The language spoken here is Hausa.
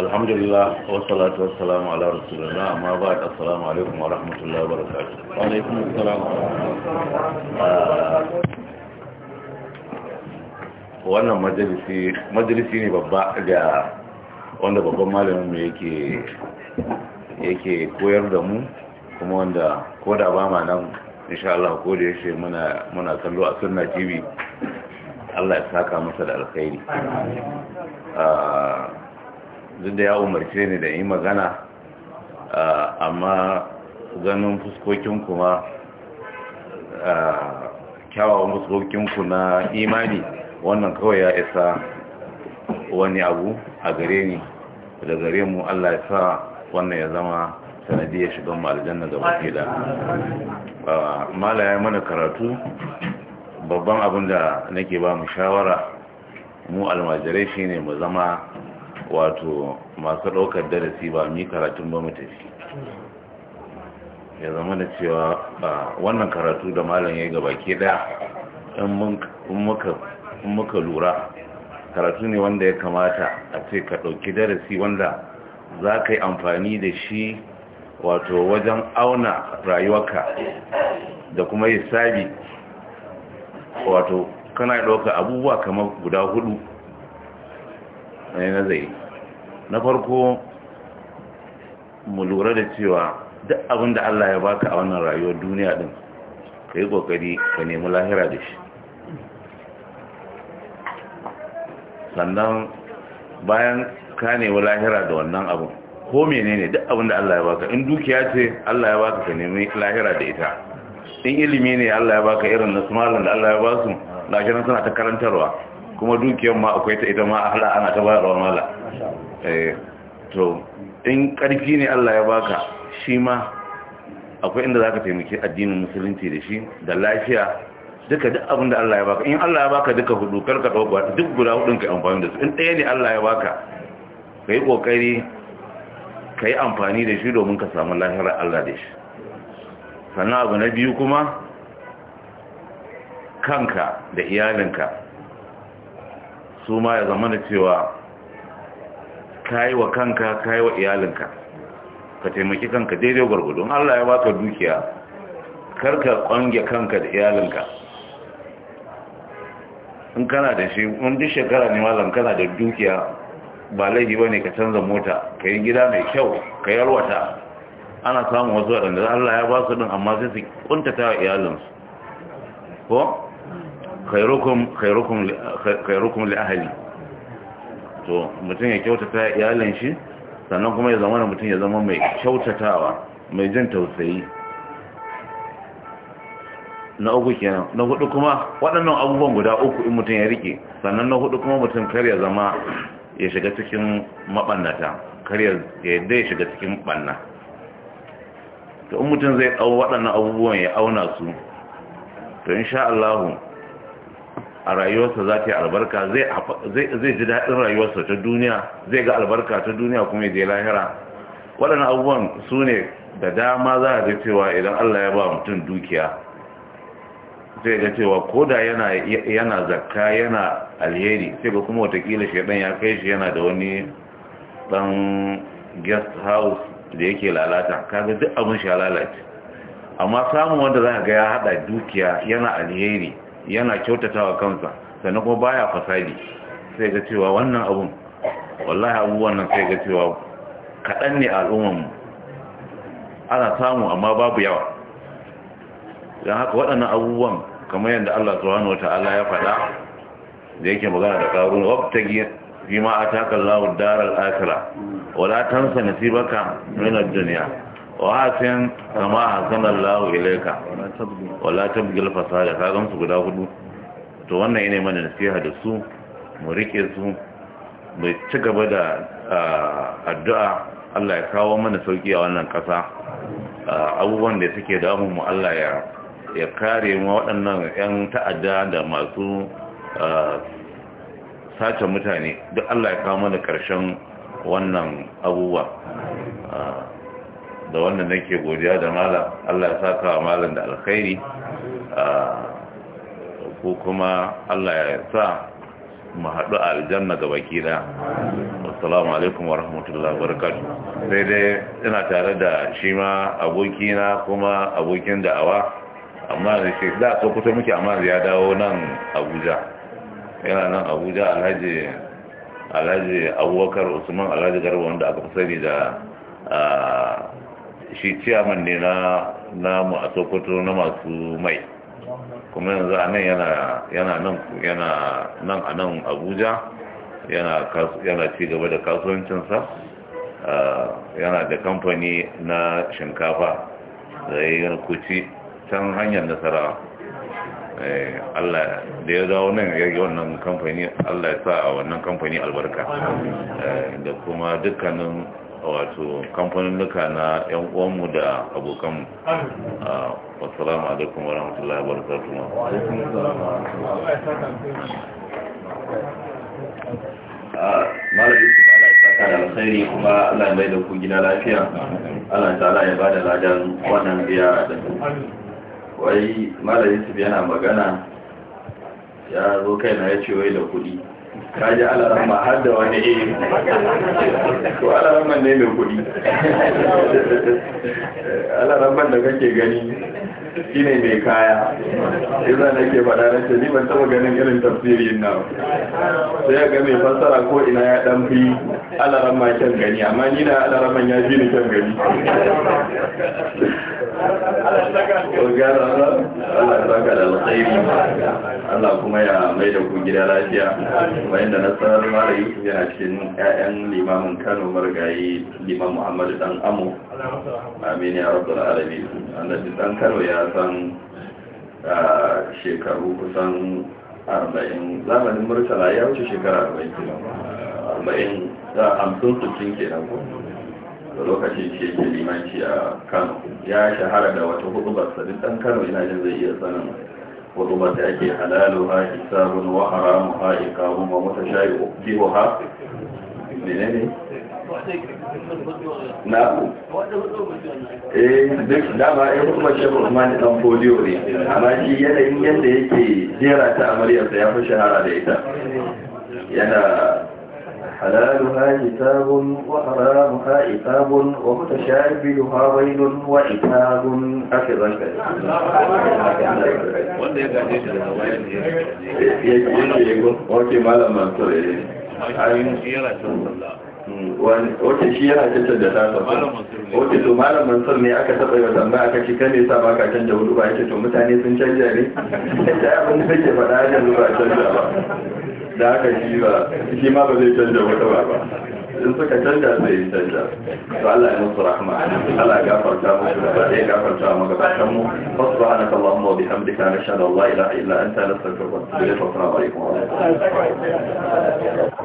alhamdulillah wasalatu wassalamu ala rasulullah amma ba da assalamu alaikum wa rahmatullahi wa barakatuh wa alaikum assalam wannan majalisi majalisi ne babba da wanda babban malamin mu yake yake koyar da mu kuma wanda ko da ba ma nan insha Allah ko da yake muna muna kallo a sunna TV Allah ya saka masa da alkhairi ah, duk da ya umarci ni da yi magana amma ganin fuskokin kuma kyawawan fuskokinku na imani wannan kawai ya isa wani abu a gare ni da gare mu Allah ya sa wannan ya zama sanadiyar shiga mu aljanna gaba ke da malaya mana karatu babban abin da nake ba mu shawara mu almajirai shine mu zama wato masu ɗaukar darasi ba mi karatun ba mu tafi ya zama da cewa wannan karatu da malam ya gaba ke ɗaya in muka lura karatu ne wanda ya kamata a ce ka ɗauki darasi wanda za ka yi amfani da shi wato wajen auna rayuwarka da kuma yi sabi wato kana ɗauka abubuwa kamar guda hudu mai nazari na farko mu lura da cewa duk abin da Allah ya baka a wannan rayuwar duniya din ka yi kokari ka nemi lahira da shi sannan bayan ka nemi lahira da wannan abin ko menene duk abin da Allah ya baka in dukiya ce Allah ya baka ka nemi lahira da ita in ilimi ne Allah ya baka irin na malam da Allah ya ba su lakinan suna ta karantarwa kuma dukiyar ma akwai ta ita ma ahla ana ta ba mala eh to in karfi ne Allah ya baka shi ma akwai inda zaka taimake addinin musulunci da shi da lafiya duka duk abin da Allah ya baka in Allah ya baka duka hudu karka dauka duk guda hudun ka amfani da su in ɗaya ne Allah ya baka kai kokari kai amfani da shi domin ka samu lafiyar Allah da shi sannan abu na biyu kuma kanka da iyalinka su ma ya zama da cewa ka yi wa kanka ka yi wa iyalinka ka taimaki kanka daidai gwargwadon Allah ya baka dukiya karka kwange kanka da iyalinka in kana da shi in duk shekara ne malam kana da dukiya ba laifi bane ka canza mota ka yi gida mai kyau ka yarwata ana samun wasu waɗanda Allah ya ba su din amma sai su kuntata wa iyalinsu ko khairukum khairukum khairukum li ahli to mutum ya kyautata iyalan shi sannan kuma ya zama mutum ya zama mai kyautatawa mai jin tausayi na uku kenan na hudu kuma waɗannan abubuwan guda uku in mutum ya rike sannan na hudu kuma mutum kar ya zama ya shiga cikin mabannata kar ya yadda ya shiga cikin banna to in mutum zai dau waɗannan abubuwan ya auna su to insha Allah a rayuwarsa za ta yi albarka zai ji daɗin rayuwarsa ta duniya zai ga albarka ta duniya kuma je lahira waɗannan abubuwan su ne da dama za a ji cewa idan allah ya ba mutum dukiya sai ga cewa ko da yana zakka yana alheri sai ga kuma watakila shaidan ya kai shi yana da wani ɗan guest house da yake lalata kaga duk abin shi ya lalace amma samun wanda za ga ya haɗa dukiya yana alheri yana kyautatawa kansa sannan kuma baya fasadi sai ga cewa wannan abun wallahi abubuwan nan sai ga cewa kaɗan ne mu, ana samu amma babu yawa don haka waɗannan abubuwan kamar yadda Allah subhanahu ta'ala ya faɗa da yake magana da ƙarun wabtagi fi ma ataka Allahu al akhirah wala tansa nasibaka min ad wasin kama sanar lahu ilaika wala tabgil fasada ka guda hudu to wannan yanayi mana nasiha da su mu rike su mu ci gaba da addu'a Allah ya kawo mana sauki a wannan kasa abubuwan da suke damun mu Allah ya kare mu waɗannan 'yan ta'adda da masu sace mutane duk Allah ya kawo mana ƙarshen wannan abubuwa da wannan nake godiya da malam Allah ya saka wa malam da alkhairi ko kuma Allah ya sa mu haɗu a aljanna ga baki da assalamu alaikum wa rahmatullahi wa sai dai ina tare da shi ma abokina kuma abokin da'awa amma da shi da sokoto muke amma ya dawo nan abuja yana nan abuja alhaji alhaji abubakar usman alhaji garba wanda aka fi sani da shi ciyaman ne na namu a na masu mai kuma yanzu a nan yana nan a nan abuja yana ci gaba da kasuwancinsa ah, yana da kamfani na shinkafa da ya kuci can hanyar nasara eh, Allah da ya dawo nan ya yi wannan kamfani Allah ya sa a wannan kamfani albarka eh, da kuma dukkanin wato kamfaninnuka na yan uwanmu da abokanmu ah, wasu alaikum wa rahmatullahi wa barakatuhu ah, da alkhairi kuma Allah mai da ku gida lafiya Allah ala ya ba da ladan wannan biya da wai malamin su yana magana ya zo kaina ya ce wai da kuɗi kaji alarama har da wani iri to alaraman ne mai kudi alaraman da kake gani shi ne mai kaya iza na ke faɗa na ce ban taɓa ganin irin tafsirin nan sai ga mai fassara ko ina ya ɗan fi alaraman kyan gani amma ni na alaraman ya fi ni kyan gani Allah kuma ya mai da ku gida lafiya bayan da nasarar mara yusuf yana cikin 'ya'yan limamin kano margayi, liman muhammadu dan amo amin ya rabbal alamin annabi ɗan kano ya san shekaru kusan arba'in. zamanin murtala ya wuce shekara 40 40 da 50 na ko da lokacin ce ke limanci a kano ya shahara da wata hudubar duk dan kano ina jin zai iya sanin hudubar da ake halalu ha hisabun wa haramu ha ikamun wa mutashayi bihu ha menene na eh duk dama ya kuma shafi usman dan polio ne amma shi yanayin yadda yake jera ta amaryarsa ya fi shahara da ita yana حلالها عتاب وحرامها عتاب ومتشابهها ويل وعتاب حفظا كريم. wata shi yana cancan da tasa wata to malam mansur ne aka taɓa yau tamba aka shi kan sa ba ka canja hudu ba yake to mutane sun canja ne da ya abin da ke faɗa ya canza ba canja ba da haka shi ba shi ma ba zai canja wata ba in suka canja yi canja to Allah ya musu rahma Allah ya gafarta musu da ba bai gafarta mu ga bakan mu subhanaka allahumma wa bihamdika nashhadu an la ilaha illa anta nastaghfiruka wa natubu ilayk wa assalamu alaikum wa rahmatullahi wa barakatuh